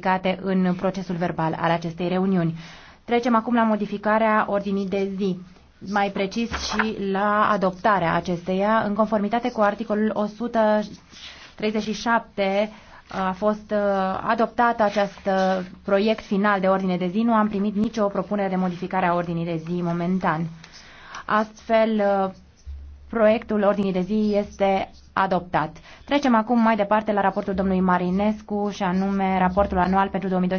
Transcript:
câștigate în procesul verbal al acestei reuniuni. Trecem acum la modificarea ordinii de zi, mai precis și la adoptarea acesteia, în conformitate cu articolul 137 a fost uh, adoptat acest uh, proiect final de ordine de zi. Nu am primit nicio propunere de modificare a ordinii de zi momentan. Astfel, uh, Proiectul ordinii de zi este adoptat. Trecem acum mai departe la raportul domnului Marinescu și anume raportul anual pentru 2012.